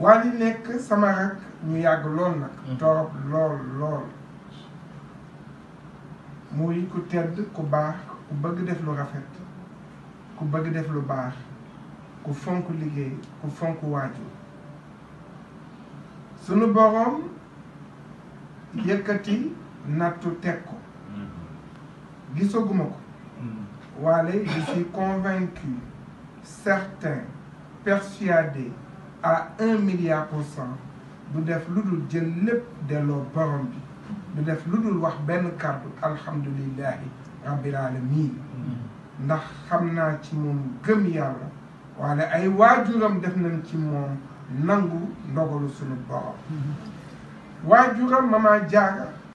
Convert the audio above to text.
wani nek sama na ñu yag lool nak mm-hmm. torop lool lool muy ku tedd ku baax ku bëgg def lu rafet ku bëgg def lu baax ku fonku liggéey ku mm-hmm. mm-hmm. je suis convaincu certain persuadé à un milliard pour cent du def lu dul jël lépp delloo borom bi du def lu dul wax benn kàddu alhamdulillahi rabbil alamin ndax xam naa ci moom gëm yàlla waale ay waajuram def nañ ci moom nangu ndogalu sunu borom mm-hmm. waajuram mama jaaga